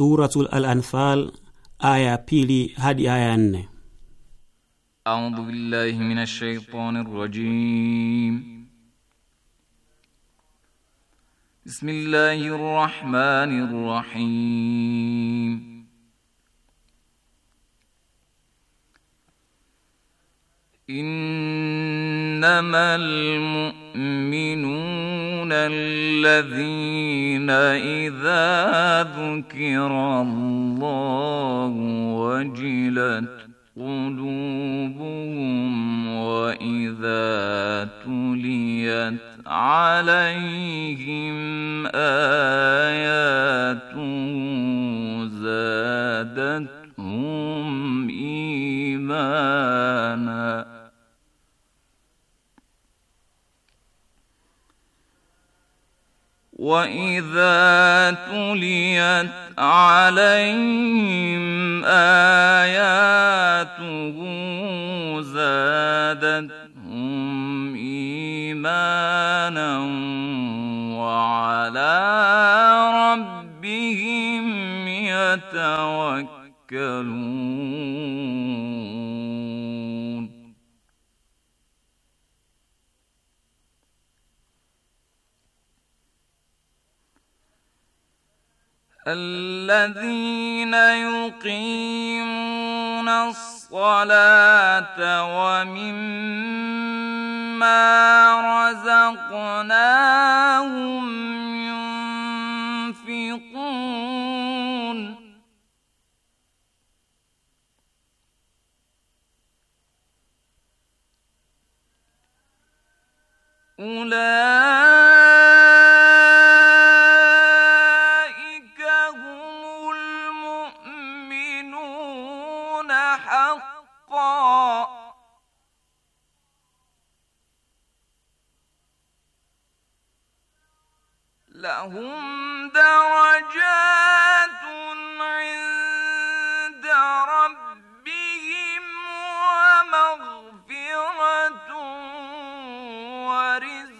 Suratul Al-Anfal aya pili hadi aya nne. A'udhu billahi minash shaitanir rajim. Bismillahir rahmanir rahim. إنما المؤمنون الذين ذكر الله وجلت قلوبهم وإذا تليت عليهم رزقا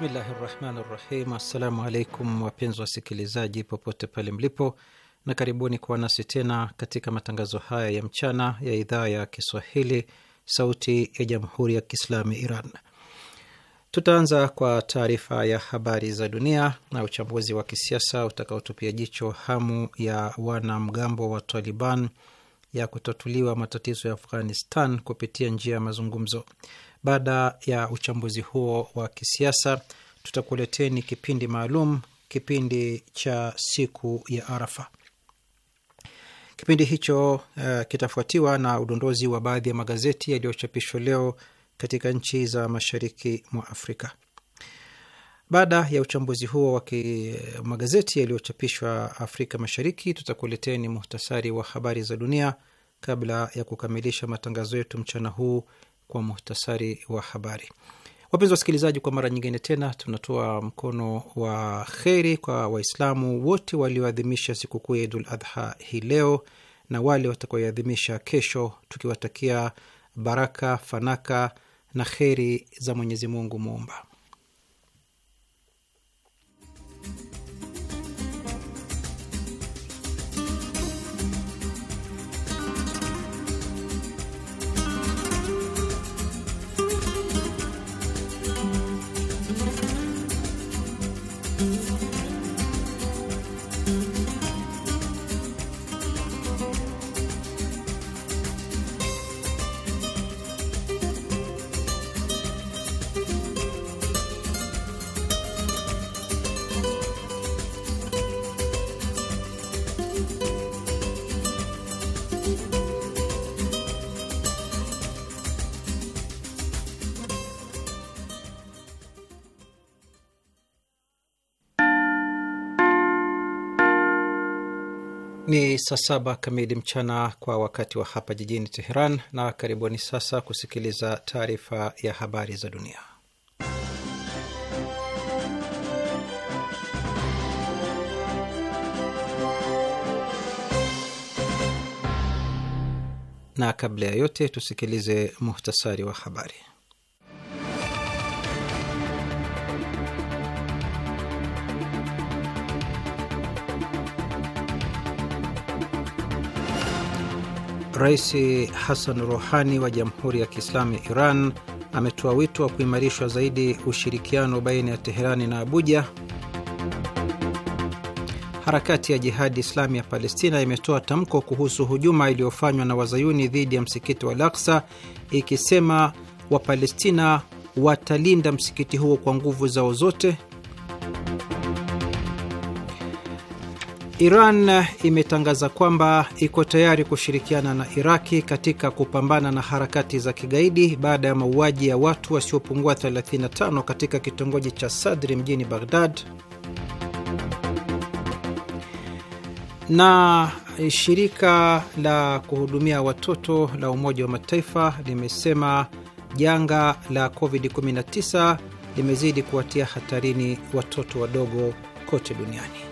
Bismillahi rahmani rahim. Assalamu alaikum wapenzi wasikilizaji popote pale mlipo, na karibuni kuwa nasi tena katika matangazo haya ya mchana ya idhaa ya Kiswahili sauti ya jamhuri ya Kiislamu Iran. Tutaanza kwa taarifa ya habari za dunia na uchambuzi wa kisiasa utakaotupia jicho hamu ya wanamgambo wa Taliban ya kutatuliwa matatizo ya Afghanistan kupitia njia ya mazungumzo. Baada ya uchambuzi huo wa kisiasa, tutakuleteni kipindi maalum, kipindi cha siku ya Arafa. Kipindi hicho uh, kitafuatiwa na udondozi wa baadhi ya magazeti yaliyochapishwa leo katika nchi za mashariki mwa Afrika. Baada ya uchambuzi huo wa magazeti yaliyochapishwa Afrika Mashariki, tutakuleteni muhtasari wa habari za dunia kabla ya kukamilisha matangazo yetu mchana huu kwa muhtasari wa habari. Wapenzi wasikilizaji, kwa mara nyingine tena tunatoa mkono wa kheri kwa Waislamu wote walioadhimisha sikukuu ya Idul Adha hii leo na wale watakaoiadhimisha kesho, tukiwatakia baraka, fanaka na kheri za Mwenyezi Mungu Muumba. saa saba kamili mchana kwa wakati wa hapa jijini Teheran, na karibuni sasa kusikiliza taarifa ya habari za dunia. Na kabla ya yote tusikilize muhtasari wa habari. Rais Hassan Rouhani wa Jamhuri ya Kiislamu ya Iran ametoa wito wa kuimarishwa zaidi ushirikiano baina ya Teherani na Abuja. Harakati ya Jihadi Islami ya Palestina imetoa tamko kuhusu hujuma iliyofanywa na wazayuni dhidi ya msikiti wa Al-Aqsa ikisema Wapalestina watalinda msikiti huo kwa nguvu zao zote. Iran imetangaza kwamba iko tayari kushirikiana na Iraki katika kupambana na harakati za kigaidi baada ya mauaji ya watu wasiopungua 35 katika kitongoji cha Sadri mjini Baghdad. Na shirika la kuhudumia watoto la Umoja wa Mataifa limesema janga la COVID-19 limezidi kuwatia hatarini watoto wadogo kote duniani.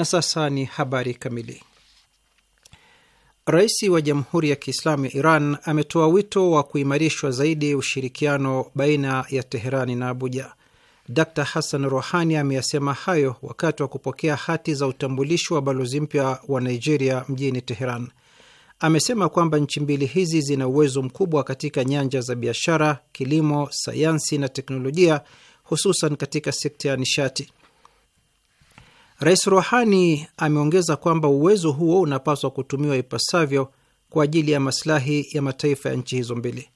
Na sasa ni habari kamili. Rais wa Jamhuri ya Kiislamu ya Iran ametoa wito wa kuimarishwa zaidi ushirikiano baina ya Teherani na Abuja. Dr Hassan Rohani ameyasema hayo wakati wa kupokea hati za utambulishi wa balozi mpya wa Nigeria mjini Teheran. Amesema kwamba nchi mbili hizi zina uwezo mkubwa katika nyanja za biashara, kilimo, sayansi na teknolojia, hususan katika sekta ya nishati. Rais Rohani ameongeza kwamba uwezo huo unapaswa kutumiwa ipasavyo kwa ajili ya masilahi ya mataifa ya nchi hizo mbili.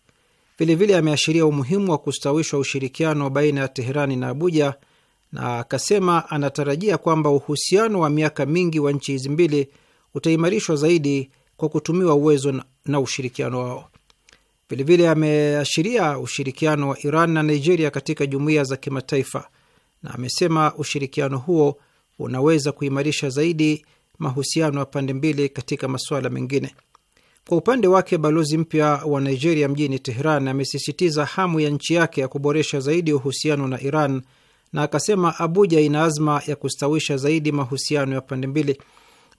Vilevile ameashiria umuhimu wa kustawishwa ushirikiano baina ya Teherani na Abuja na akasema anatarajia kwamba uhusiano wa miaka mingi wa nchi hizi mbili utaimarishwa zaidi kwa kutumiwa uwezo na ushirikiano wao. Vilevile ameashiria ushirikiano wa Iran na Nigeria katika jumuiya za kimataifa na amesema ushirikiano huo unaweza kuimarisha zaidi mahusiano ya pande mbili katika masuala mengine. Kwa upande wake, balozi mpya wa Nigeria mjini Teheran amesisitiza hamu ya nchi yake ya kuboresha zaidi uhusiano na Iran na akasema Abuja ina azma ya kustawisha zaidi mahusiano ya pande mbili.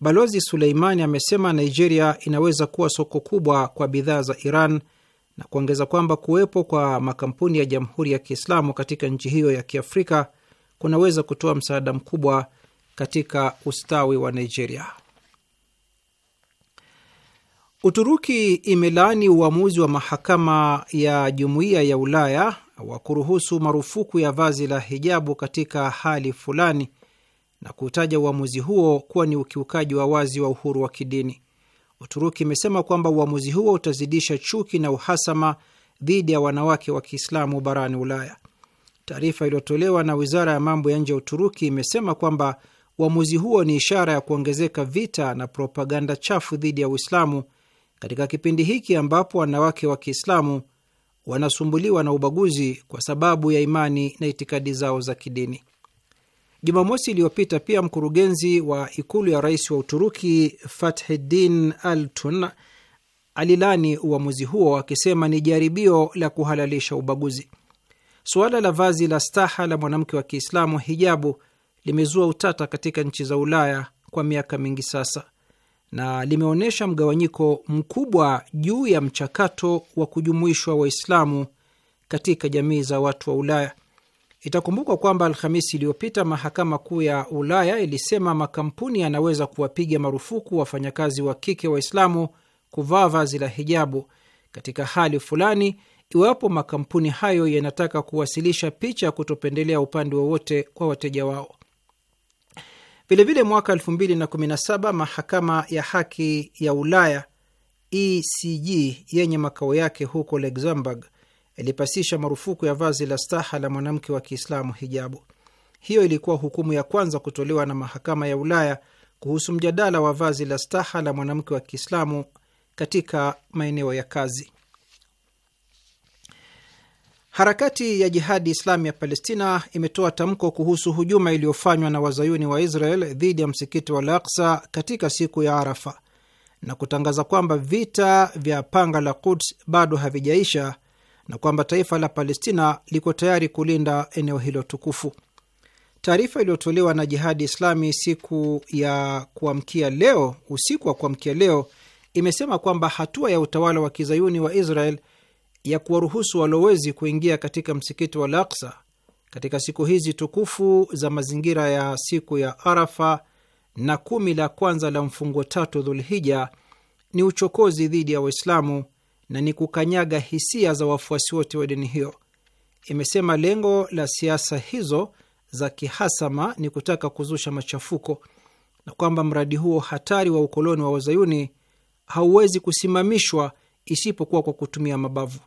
Balozi Suleimani amesema Nigeria inaweza kuwa soko kubwa kwa bidhaa za Iran na kuongeza kwamba kuwepo kwa makampuni ya Jamhuri ya Kiislamu katika nchi hiyo ya Kiafrika kunaweza kutoa msaada mkubwa katika ustawi wa Nigeria. Uturuki imelaani uamuzi wa mahakama ya Jumuiya ya Ulaya wa kuruhusu marufuku ya vazi la hijabu katika hali fulani na kuutaja uamuzi huo kuwa ni ukiukaji wa wazi wa uhuru wa kidini. Uturuki imesema kwamba uamuzi huo utazidisha chuki na uhasama dhidi ya wanawake wa Kiislamu barani Ulaya. Taarifa iliyotolewa na wizara ya mambo ya nje ya Uturuki imesema kwamba Uamuzi huo ni ishara ya kuongezeka vita na propaganda chafu dhidi ya Uislamu katika kipindi hiki ambapo wanawake wa Kiislamu wanasumbuliwa na ubaguzi kwa sababu ya imani na itikadi zao za kidini. Jumamosi iliyopita pia mkurugenzi wa ikulu ya rais wa Uturuki Fathidin Altun alilani uamuzi huo akisema ni jaribio la kuhalalisha ubaguzi. Suala la vazi la staha la mwanamke wa Kiislamu, hijabu, limezua utata katika nchi za Ulaya kwa miaka mingi sasa na limeonyesha mgawanyiko mkubwa juu ya mchakato wa kujumuishwa Waislamu katika jamii za watu wa Ulaya. Itakumbukwa kwamba Alhamisi iliyopita mahakama kuu ya Ulaya ilisema makampuni yanaweza kuwapiga marufuku wafanyakazi wa kike Waislamu kuvaa vazi la hijabu katika hali fulani, iwapo makampuni hayo yanataka kuwasilisha picha ya kutopendelea upande wowote kwa wateja wao. Vilevile mwaka 2017 mahakama ya haki ya Ulaya ECJ yenye makao yake huko Luxembourg ilipasisha marufuku ya vazi la staha la mwanamke wa Kiislamu, hijabu. Hiyo ilikuwa hukumu ya kwanza kutolewa na mahakama ya Ulaya kuhusu mjadala wa vazi la staha la mwanamke wa Kiislamu katika maeneo ya kazi. Harakati ya Jihadi Islami ya Palestina imetoa tamko kuhusu hujuma iliyofanywa na wazayuni wa Israel dhidi ya msikiti wa Al-Aqsa katika siku ya Arafa na kutangaza kwamba vita vya panga la Quds bado havijaisha na kwamba taifa la Palestina liko tayari kulinda eneo hilo tukufu. Taarifa iliyotolewa na Jihadi Islami siku ya kuamkia leo, usiku wa kuamkia leo, imesema kwamba hatua ya utawala wa kizayuni wa Israel ya kuwaruhusu walowezi kuingia katika msikiti wa Al-Aqsa katika siku hizi tukufu za mazingira ya siku ya Arafa na kumi la kwanza la mfungo tatu Dhulhija ni uchokozi dhidi ya Waislamu na ni kukanyaga hisia za wafuasi wote wa dini hiyo. Imesema lengo la siasa hizo za kihasama ni kutaka kuzusha machafuko na kwamba mradi huo hatari wa ukoloni wa wazayuni hauwezi kusimamishwa isipokuwa kwa kutumia mabavu.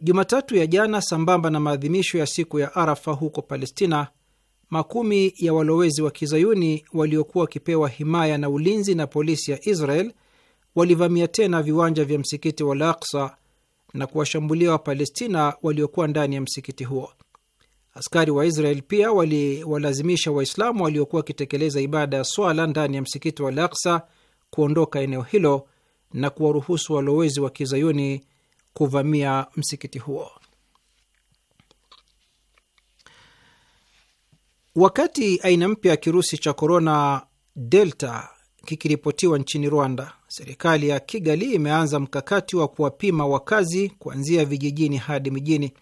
Jumatatu ya jana, sambamba na maadhimisho ya siku ya Arafa huko Palestina, makumi ya walowezi wa kizayuni waliokuwa wakipewa himaya na ulinzi na polisi ya Israel walivamia tena viwanja vya msikiti wa Al-Aqsa na kuwashambulia Wapalestina waliokuwa ndani ya msikiti huo. Askari wa Israel pia waliwalazimisha Waislamu waliokuwa wakitekeleza ibada ya swala ndani ya msikiti wa Al-Aqsa kuondoka eneo hilo na kuwaruhusu walowezi wa kizayuni kuvamia msikiti huo. Wakati aina mpya ya kirusi cha korona delta kikiripotiwa nchini Rwanda, serikali ya Kigali imeanza mkakati wa kuwapima wakazi kuanzia vijijini hadi mijini.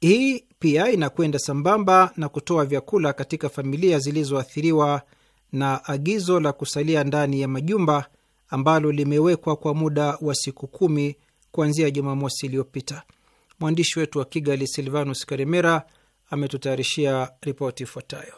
Hii pia inakwenda sambamba na kutoa vyakula katika familia zilizoathiriwa na agizo la kusalia ndani ya majumba ambalo limewekwa kwa muda wa siku kumi kuanzia Jumamosi iliyopita. Mwandishi wetu wa Kigali, Silvanus Karimera, ametutayarishia ripoti ifuatayo.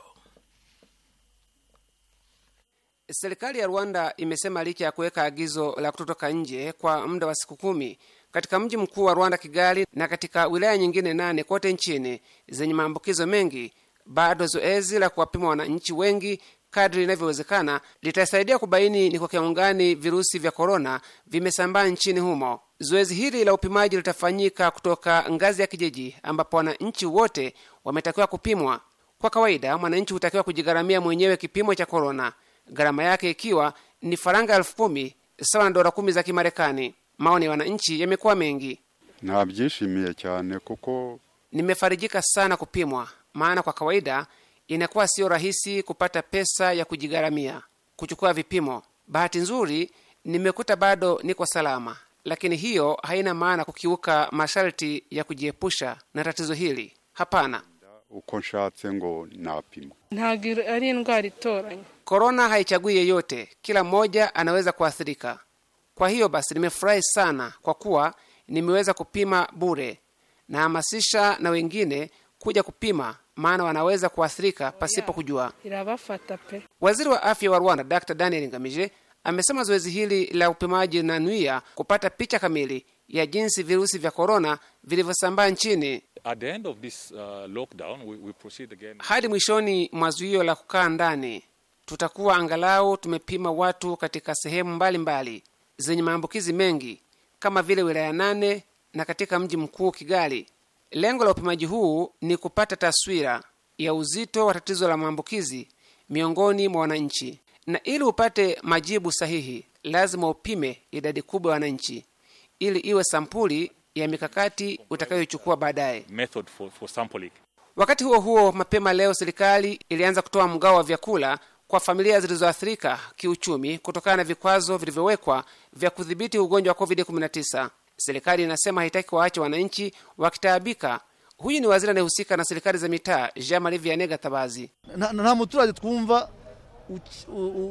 Serikali ya Rwanda imesema licha ya kuweka agizo la kutotoka nje kwa muda wa siku kumi katika mji mkuu wa Rwanda, Kigali, na katika wilaya nyingine nane kote nchini zenye maambukizo mengi, bado zoezi la kuwapima wananchi wengi kadri inavyowezekana litasaidia kubaini ni kwa kiwango gani virusi vya korona vimesambaa nchini humo. Zoezi hili la upimaji litafanyika kutoka ngazi ya kijiji, ambapo wananchi wote wametakiwa kupimwa. Kwa kawaida, mwananchi hutakiwa kujigharamia mwenyewe kipimo cha korona, gharama yake ikiwa ni faranga elfu kumi sawa na dola kumi za Kimarekani. Maoni ya wananchi yamekuwa mengi. nabyishimiye cyane kuko nimefarijika sana kupimwa, maana kwa kawaida inakuwa siyo rahisi kupata pesa ya kujigharamia kuchukua vipimo. Bahati nzuri nimekuta bado niko salama lakini hiyo haina maana kukiuka masharti ya kujiepusha na tatizo hili. Hapana. Korona haichagui yeyote, kila mmoja anaweza kuathirika. Kwa hiyo basi, nimefurahi sana kwa kuwa nimeweza kupima bure. Nahamasisha na wengine kuja kupima, maana wanaweza kuathirika pasipo kujua. Waziri wa afya wa Rwanda Dr Daniel Ngamije amesema zoezi hili la upimaji linanuia kupata picha kamili ya jinsi virusi vya korona vilivyosambaa nchini. At the end of this, uh, lockdown, we, we proceed again. Hadi mwishoni mwa zuio la kukaa ndani tutakuwa angalau tumepima watu katika sehemu mbalimbali mbali zenye maambukizi mengi kama vile wilaya nane na katika mji mkuu Kigali. Lengo la upimaji huu ni kupata taswira ya uzito wa tatizo la maambukizi miongoni mwa wananchi na ili upate majibu sahihi lazima upime idadi kubwa ya wananchi ili iwe sampuli ya mikakati utakayochukua baadaye. Wakati huo huo, mapema leo serikali ilianza kutoa mgao wa vyakula kwa familia zilizoathirika kiuchumi kutokana na vikwazo vilivyowekwa vya kudhibiti ugonjwa wa COVID-19. Serikali inasema haitaki waache wananchi wakitaabika. Huyu ni waziri anayehusika na serikali za mitaa Jean Marie Vianney Gatabazi na, na, na,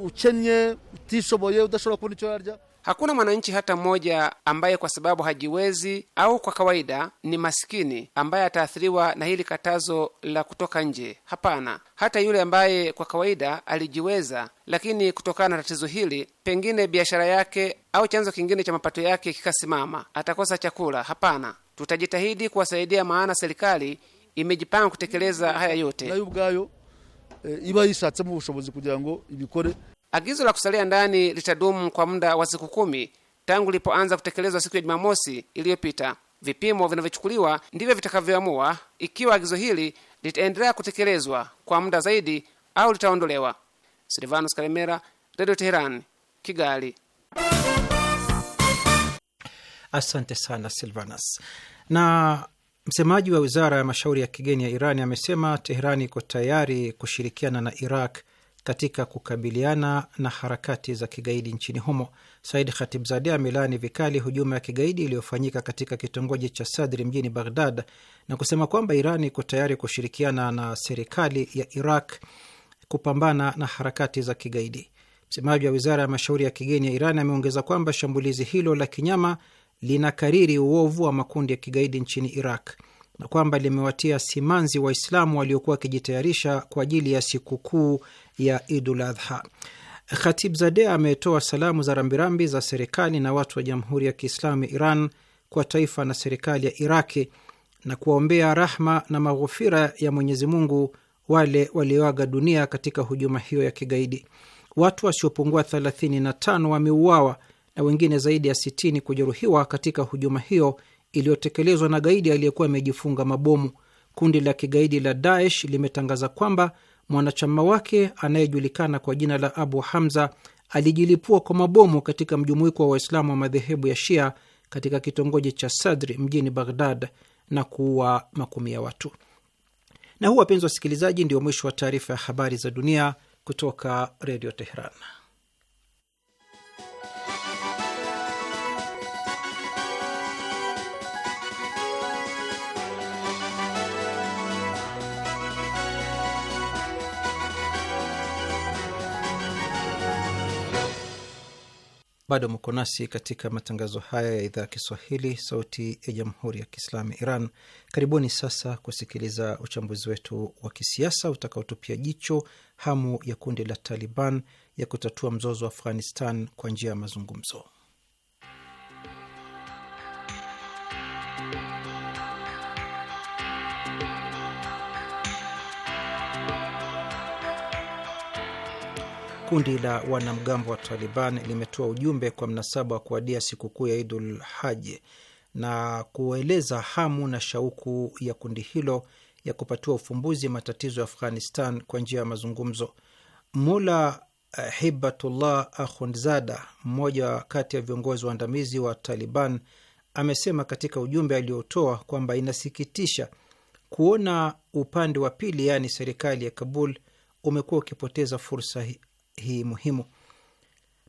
uchenye utishoboye, udashobora kubona icyo yarya. Hakuna mwananchi hata mmoja ambaye kwa sababu hajiwezi au kwa kawaida ni masikini ambaye ataathiriwa na hili katazo la kutoka nje. Hapana, hata yule ambaye kwa kawaida alijiweza, lakini kutokana na tatizo hili, pengine biashara yake au chanzo kingine cha mapato yake kikasimama, atakosa chakula. Hapana, tutajitahidi kuwasaidia, maana serikali imejipanga kutekeleza haya yote. Eh, iba yishatsemo ubushobozi kugira ngo ibikore. Agizo la kusalia ndani litadumu kwa muda wa siku kumi tangu lilipoanza kutekelezwa siku ya Jumamosi iliyopita. Vipimo vinavyochukuliwa ndivyo vitakavyoamua ikiwa agizo hili litaendelea kutekelezwa kwa muda zaidi au litaondolewa. Silvanus Karemera, Radio Teheran, Kigali. Asante sana Silvanus na Msemaji wa wizara ya mashauri ya kigeni ya Iran amesema Teherani iko tayari kushirikiana na Iraq katika kukabiliana na harakati za kigaidi nchini humo. Said Khatibzadeh amelaani vikali hujuma ya kigaidi iliyofanyika katika kitongoji cha Sadri mjini Baghdad na kusema kwamba Iran iko tayari kushirikiana na serikali ya Iraq kupambana na harakati za kigaidi. Msemaji wa wizara ya mashauri ya kigeni ya Iran ameongeza kwamba shambulizi hilo la kinyama linakariri uovu wa makundi ya kigaidi nchini Iraq na kwamba limewatia simanzi Waislamu waliokuwa wakijitayarisha kwa ajili ya sikukuu ya Idul Adha. khatib zade ametoa salamu za rambirambi za serikali na watu wa Jamhuri ya Kiislamu ya Iran kwa taifa na serikali ya Iraki na kuwaombea rahma na maghufira ya Mwenyezi Mungu wale walioaga dunia katika hujuma hiyo ya kigaidi. Watu wasiopungua 35 wameuawa na wengine zaidi ya 60 kujeruhiwa katika hujuma hiyo iliyotekelezwa na gaidi aliyekuwa amejifunga mabomu. Kundi la kigaidi la Daesh limetangaza kwamba mwanachama wake anayejulikana kwa jina la Abu Hamza alijilipua kwa mabomu katika mjumuiko wa Waislamu wa madhehebu ya Shia katika kitongoji cha Sadri mjini Baghdad na kuua makumi ya watu. Na huu, wapenzi wasikilizaji, ndio mwisho wa taarifa ya habari za dunia kutoka Redio Teheran. Bado mko nasi katika matangazo haya ya idhaa ya Kiswahili, sauti ya jamhuri ya kiislamu Iran. Karibuni sasa kusikiliza uchambuzi wetu wa kisiasa utakaotupia jicho hamu ya kundi la Taliban ya kutatua mzozo wa Afghanistan kwa njia ya mazungumzo. Kundi la wanamgambo wa Taliban limetoa ujumbe kwa mnasaba wa kuadia sikukuu ya Idul Haji na kueleza hamu na shauku ya kundi hilo ya kupatiwa ufumbuzi matatizo ya Afghanistan kwa njia ya mazungumzo. Mula eh, Hibatullah Akhundzada, mmoja kati ya viongozi waandamizi wa Taliban, amesema katika ujumbe aliotoa kwamba inasikitisha kuona upande wa pili, yaani serikali ya Kabul, umekuwa ukipoteza fursa hii muhimu.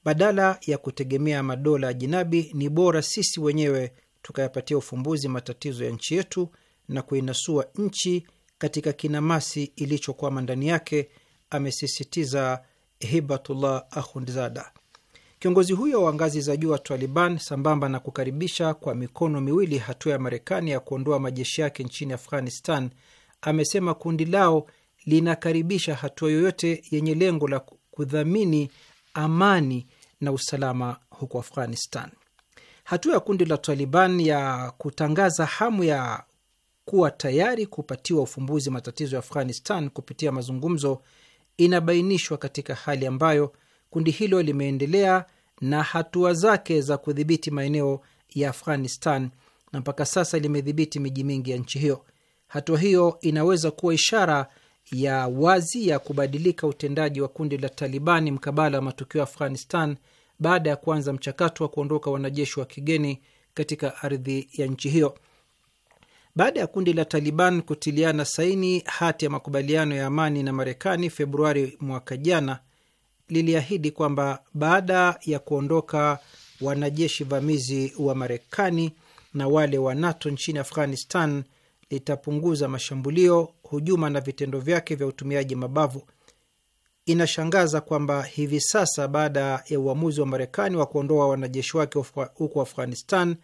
Badala ya kutegemea madola ya jinabi, ni bora sisi wenyewe tukayapatia ufumbuzi matatizo ya nchi yetu na kuinasua nchi katika kinamasi ilichokwama ndani yake, amesisitiza Hibatullah Ahundzada. kiongozi huyo wa ngazi za juu wa Taliban, sambamba na kukaribisha kwa mikono miwili hatua ya Marekani ya kuondoa majeshi yake nchini Afghanistan. Amesema kundi lao linakaribisha hatua yoyote yenye lengo la kudhamini amani na usalama huko Afghanistan. Hatua ya kundi la Taliban ya kutangaza hamu ya kuwa tayari kupatiwa ufumbuzi matatizo ya Afghanistan kupitia mazungumzo inabainishwa katika hali ambayo kundi hilo limeendelea na hatua zake za kudhibiti maeneo ya Afghanistan na mpaka sasa limedhibiti miji mingi ya nchi hiyo. Hatua hiyo inaweza kuwa ishara ya wazi ya kubadilika utendaji wa kundi la Talibani mkabala wa matukio ya Afghanistan baada ya kuanza mchakato wa kuondoka wanajeshi wa kigeni katika ardhi ya nchi hiyo. Baada ya kundi la Taliban kutiliana saini hati ya makubaliano ya amani na Marekani Februari mwaka jana, liliahidi kwamba baada ya kuondoka wanajeshi vamizi wa Marekani na wale wa NATO nchini Afghanistan litapunguza mashambulio, hujuma na vitendo vyake vya utumiaji mabavu. Inashangaza kwamba hivi sasa baada ya uamuzi wa Marekani wa kuondoa wanajeshi wake huko Afghanistan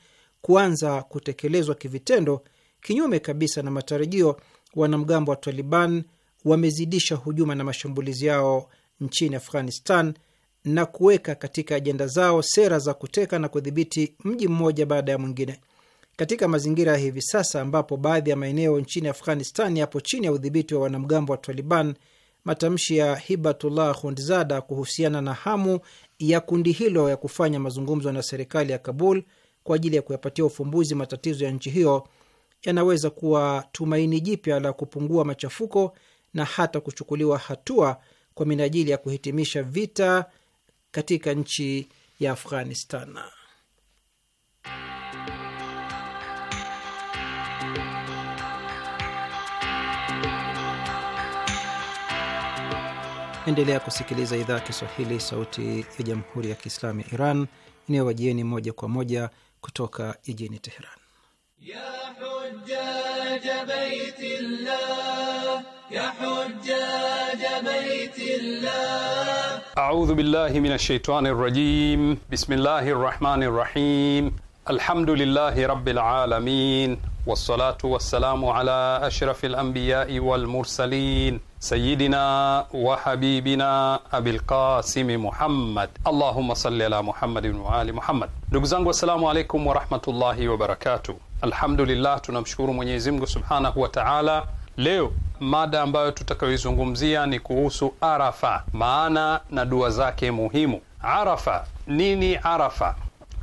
kuanza kutekelezwa kivitendo, kinyume kabisa na matarajio, wanamgambo wa Taliban wamezidisha hujuma na mashambulizi yao nchini Afghanistan na kuweka katika ajenda zao sera za kuteka na kudhibiti mji mmoja baada ya mwingine. Katika mazingira ya hivi sasa ambapo baadhi ya maeneo nchini Afghanistan yapo chini ya udhibiti wa wanamgambo wa Taliban, matamshi ya Hibatullah Hundzada kuhusiana na hamu ya kundi hilo ya kufanya mazungumzo na serikali ya Kabul kwa ajili ya kuyapatia ufumbuzi matatizo ya nchi hiyo yanaweza kuwa tumaini jipya la kupungua machafuko na hata kuchukuliwa hatua kwa minajili ya kuhitimisha vita katika nchi ya Afghanistan. Endelea kusikiliza idhaa ya Kiswahili, sauti ya jamhuri ya kiislamu ya Iran inayowajieni moja kwa moja kutoka jijini Teheran. ya baitillah, ya baitillah. Audhu billahi rajim. Bismillahi rahmani rahim. Alhamdulillahi rabbil alamin wassalatu wassalamu ala ashrafil anbiyai wal mursalin sayidina wa habibina abilqasimi Muhammad, allahumma sali ala Muhammadin wa ali Muhammad. Ndugu zangu, assalamu alaikum warahmatullahi wabarakatuh. Alhamdulillah, tunamshukuru Mwenyezi Mungu subhanahu wa taala. Leo mada ambayo tutakayoizungumzia ni kuhusu Arafa, maana na dua zake muhimu. Arafa nini? Arafa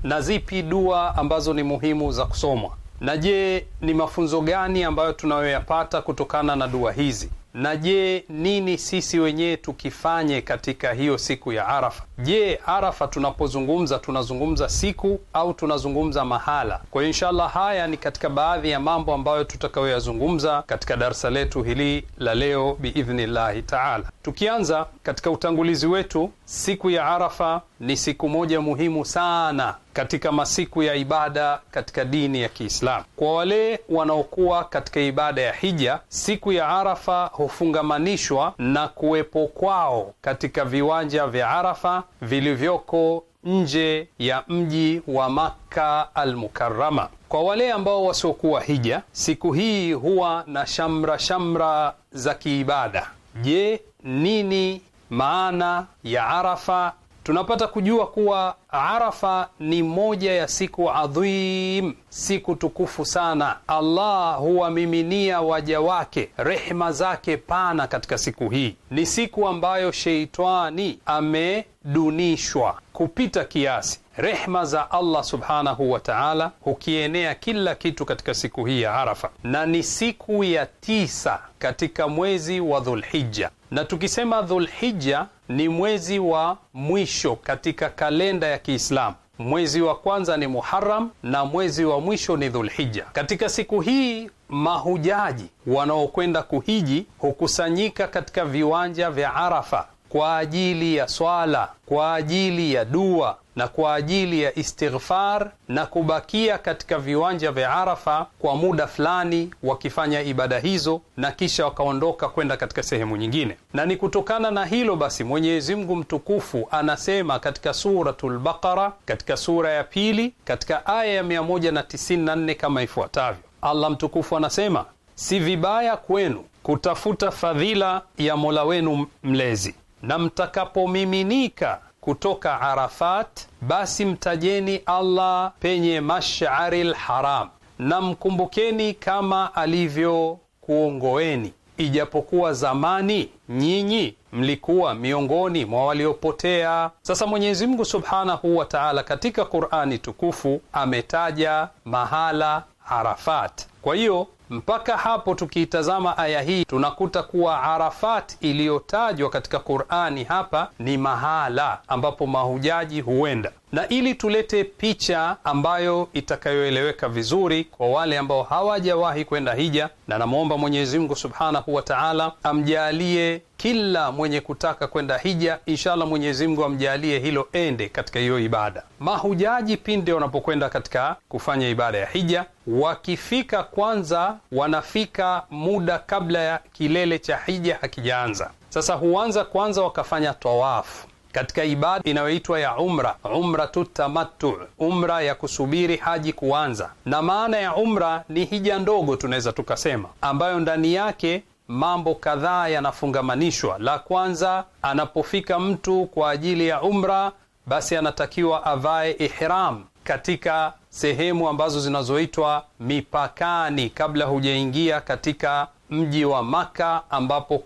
na zipi dua ambazo ni muhimu za kusomwa? Na je, ni mafunzo gani ambayo tunayoyapata kutokana na dua hizi? na je, nini sisi wenyewe tukifanye katika hiyo siku ya Arafa? Je, Arafa tunapozungumza tunazungumza siku au tunazungumza mahala? Kwa hiyo inshaallah haya ni katika baadhi ya mambo ambayo tutakayoyazungumza katika darsa letu hili la leo biidhnillahi taala. Tukianza katika utangulizi wetu, siku ya Arafa ni siku moja muhimu sana katika masiku ya ibada katika dini ya Kiislamu. Kwa wale wanaokuwa katika ibada ya hija, siku ya Arafa hufungamanishwa na kuwepo kwao katika viwanja vya Arafa vilivyoko nje ya mji wa Makka Almukarama. Kwa wale ambao wasiokuwa hija, siku hii huwa na shamra shamra za kiibada. Je, nini maana ya Arafa tunapata kujua kuwa Arafa ni moja ya siku adhim, siku tukufu sana. Allah huwamiminia waja wake rehma zake pana katika siku hii. Ni siku ambayo sheitani amedunishwa kupita kiasi. Rehma za Allah subhanahu wa taala hukienea kila kitu katika siku hii ya Arafa, na ni siku ya tisa katika mwezi wa Dhulhijja. Na tukisema Dhulhija ni mwezi wa mwisho katika kalenda ya Kiislamu. Mwezi wa kwanza ni Muharam na mwezi wa mwisho ni Dhulhija. Katika siku hii mahujaji wanaokwenda kuhiji hukusanyika katika viwanja vya Arafa kwa ajili ya swala, kwa ajili ya dua na kwa ajili ya istighfar na kubakia katika viwanja vya Arafa kwa muda fulani wakifanya ibada hizo na kisha wakaondoka kwenda katika sehemu nyingine. Na ni kutokana na hilo basi Mwenyezi Mungu mtukufu anasema katika Suratul Baqara, katika sura ya pili, katika aya ya 194 kama ifuatavyo. Allah mtukufu anasema, si vibaya kwenu kutafuta fadhila ya Mola wenu mlezi na mtakapomiminika kutoka Arafat, basi mtajeni Allah penye Mashari lharam na mkumbukeni kama alivyokuongoeni, ijapokuwa zamani nyinyi mlikuwa miongoni mwa waliopotea. Sasa Mwenyezi Mungu subhanahu wa taala katika Qurani tukufu ametaja mahala Arafat, kwa hiyo mpaka hapo tukiitazama aya hii tunakuta kuwa Arafat iliyotajwa katika Qur'ani hapa ni mahala ambapo mahujaji huenda na ili tulete picha ambayo itakayoeleweka vizuri kwa wale ambao hawajawahi kwenda hija, na namwomba Mwenyezi Mungu subhanahu wa taala amjaalie kila mwenye kutaka kwenda hija, inshallah Mwenyezi Mungu amjaalie hilo, ende katika hiyo ibada. Mahujaji pinde wanapokwenda katika kufanya ibada ya hija, wakifika kwanza, wanafika muda kabla ya kilele cha hija hakijaanza. Sasa huanza kwanza wakafanya tawafu katika ibada inayoitwa ya umra, umratu tamattu, umra ya kusubiri haji kuanza. Na maana ya umra ni hija ndogo, tunaweza tukasema, ambayo ndani yake mambo kadhaa yanafungamanishwa. La kwanza, anapofika mtu kwa ajili ya umra, basi anatakiwa avae ihram katika sehemu ambazo zinazoitwa mipakani, kabla hujaingia katika mji wa Maka ambapo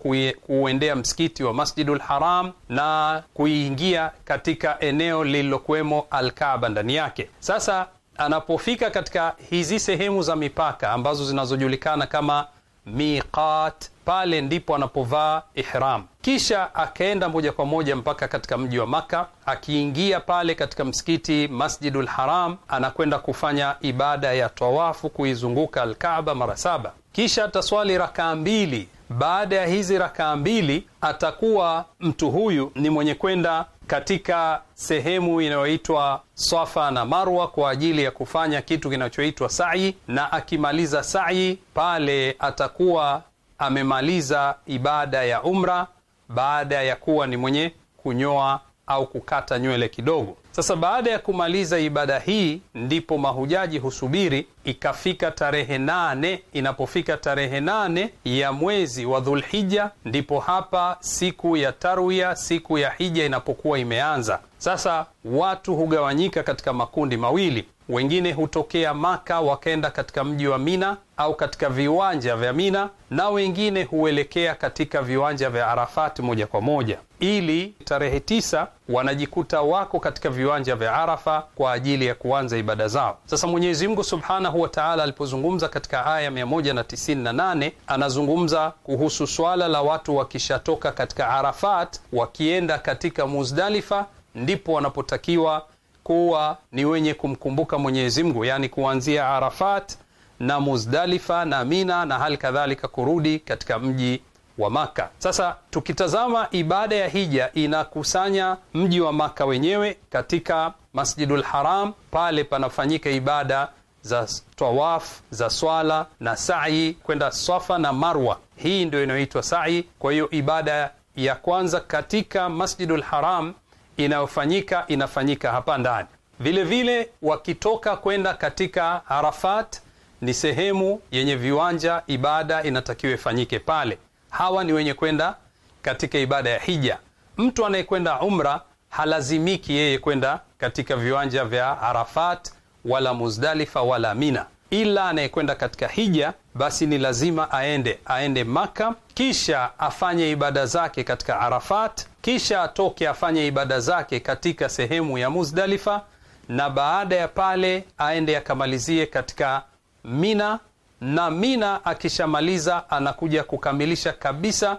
kuuendea msikiti wa Masjidul Haram na kuingia katika eneo lililokuwemo alkaba ndani yake. Sasa anapofika katika hizi sehemu za mipaka ambazo zinazojulikana kama miqat pale ndipo anapovaa ihram, kisha akaenda moja kwa moja mpaka katika mji wa maka Akiingia pale katika msikiti Masjidul Haram, anakwenda kufanya ibada ya tawafu kuizunguka alkaba mara saba, kisha ataswali rakaa mbili. Baada ya hizi rakaa mbili, atakuwa mtu huyu ni mwenye kwenda katika sehemu inayoitwa Swafa na Marwa kwa ajili ya kufanya kitu kinachoitwa sa'i, na akimaliza sa'i pale atakuwa amemaliza ibada ya umra baada ya kuwa ni mwenye kunyoa au kukata nywele kidogo. Sasa baada ya kumaliza ibada hii, ndipo mahujaji husubiri ikafika tarehe nane. Inapofika tarehe nane ya mwezi wa Dhulhija, ndipo hapa siku ya tarwia siku ya hija inapokuwa imeanza. Sasa watu hugawanyika katika makundi mawili, wengine hutokea Maka wakaenda katika mji wa Mina au katika viwanja vya Mina, na wengine huelekea katika viwanja vya Arafati moja kwa moja, ili tarehe tisa wanajikuta wako katika viwanja vya Arafa kwa ajili ya kuanza ibada zao. Sasa Mwenyezi Mungu subhanahu subhanahu wa taala alipozungumza katika aya 198 anazungumza kuhusu swala la watu wakishatoka katika Arafat wakienda katika Muzdalifa, ndipo wanapotakiwa kuwa ni wenye kumkumbuka Mwenyezi Mungu, yani kuanzia Arafat na Muzdalifa na Mina na hali kadhalika kurudi katika mji wa Maka. Sasa tukitazama ibada ya hija inakusanya mji wa Maka wenyewe katika Masjidul Haram, pale panafanyika ibada za tawaf za swala na sa'i kwenda swafa na Marwa. Hii ndio inayoitwa sa'i. Kwa hiyo ibada ya kwanza katika Masjidul Haram inayofanyika inafanyika hapa ndani. Vile vile wakitoka kwenda katika Arafat, ni sehemu yenye viwanja, ibada inatakiwa ifanyike pale. Hawa ni wenye kwenda katika ibada ya hija. Mtu anayekwenda umra halazimiki yeye kwenda katika viwanja vya Arafat wala Muzdalifa wala Mina, ila anayekwenda katika hija basi ni lazima aende aende Maka, kisha afanye ibada zake katika Arafat, kisha atoke afanye ibada zake katika sehemu ya Muzdalifa, na baada ya pale aende akamalizie katika Mina, na Mina akishamaliza anakuja kukamilisha kabisa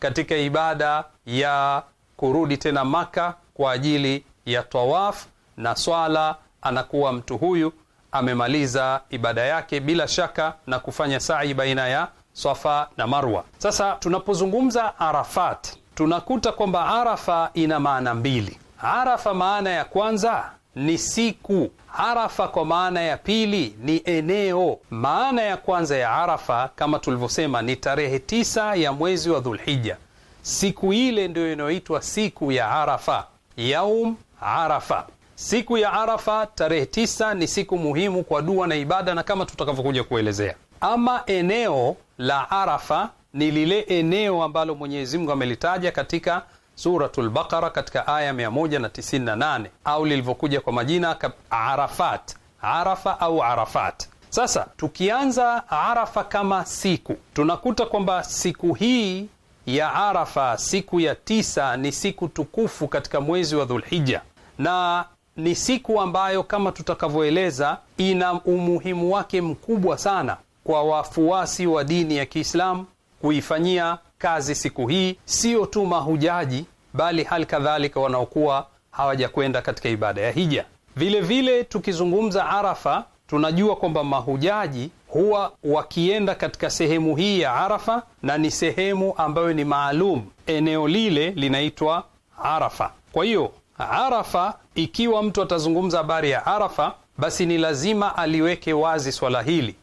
katika ibada ya kurudi tena Maka kwa ajili ya tawaf na swala anakuwa mtu huyu amemaliza ibada yake bila shaka na kufanya sai baina ya Safa na Marwa. Sasa tunapozungumza Arafat, tunakuta kwamba Arafa ina maana mbili. Arafa maana ya kwanza ni siku, Arafa kwa maana ya pili ni eneo. Maana ya kwanza ya Arafa kama tulivyosema ni tarehe tisa ya mwezi wa Dhulhija. Siku ile ndiyo inayoitwa siku ya Arafa, yaum Arafa. Siku ya Arafa tarehe tisa ni siku muhimu kwa dua na ibada, na kama tutakavyokuja kuelezea. Ama eneo la Arafa ni lile eneo ambalo Mwenyezi Mungu amelitaja katika Suratul Baqara katika aya 198 au lilivyokuja kwa majina Arafat, Arafa au Arafat. Sasa tukianza Arafa kama siku, tunakuta kwamba siku hii ya Arafa, siku ya tisa, ni siku tukufu katika mwezi wa Dhulhija, na ni siku ambayo kama tutakavyoeleza ina umuhimu wake mkubwa sana kwa wafuasi wa dini ya Kiislamu kuifanyia kazi siku hii, sio tu mahujaji, bali hali kadhalika wanaokuwa hawajakwenda katika ibada ya hija. vilevile vile tukizungumza Arafa, tunajua kwamba mahujaji huwa wakienda katika sehemu hii ya Arafa, na ni sehemu ambayo ni maalum. Eneo lile linaitwa Arafa. Kwa hiyo Arafa ikiwa mtu atazungumza habari ya Arafa, basi ni lazima aliweke wazi swala hili.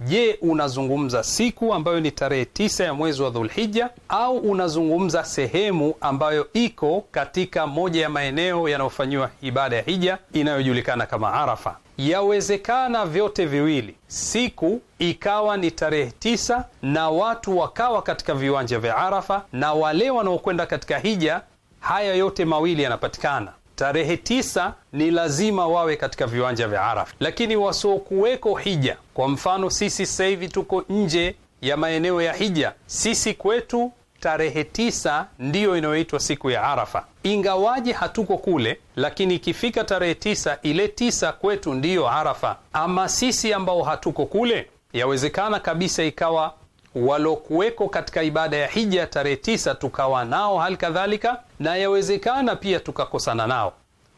Je, unazungumza siku ambayo ni tarehe tisa ya mwezi wa Dhulhija au unazungumza sehemu ambayo iko katika moja ya maeneo yanayofanyiwa ibada ya hija inayojulikana kama Arafa? Yawezekana vyote viwili, siku ikawa ni tarehe tisa na watu wakawa katika viwanja vya Arafa na wale wanaokwenda katika hija, haya yote mawili yanapatikana tarehe tisa ni lazima wawe katika viwanja vya Arafa, lakini wasiokuweko hija, kwa mfano sisi sasa hivi tuko nje ya maeneo ya hija, sisi kwetu tarehe tisa ndiyo inayoitwa siku ya Arafa, ingawaje hatuko kule, lakini ikifika tarehe tisa, ile tisa kwetu ndiyo Arafa. Ama sisi ambao hatuko kule, yawezekana kabisa ikawa walokuweko katika ibada ya hija tarehe tisa tukawa nao hali kadhalika, na yawezekana pia tukakosana nao,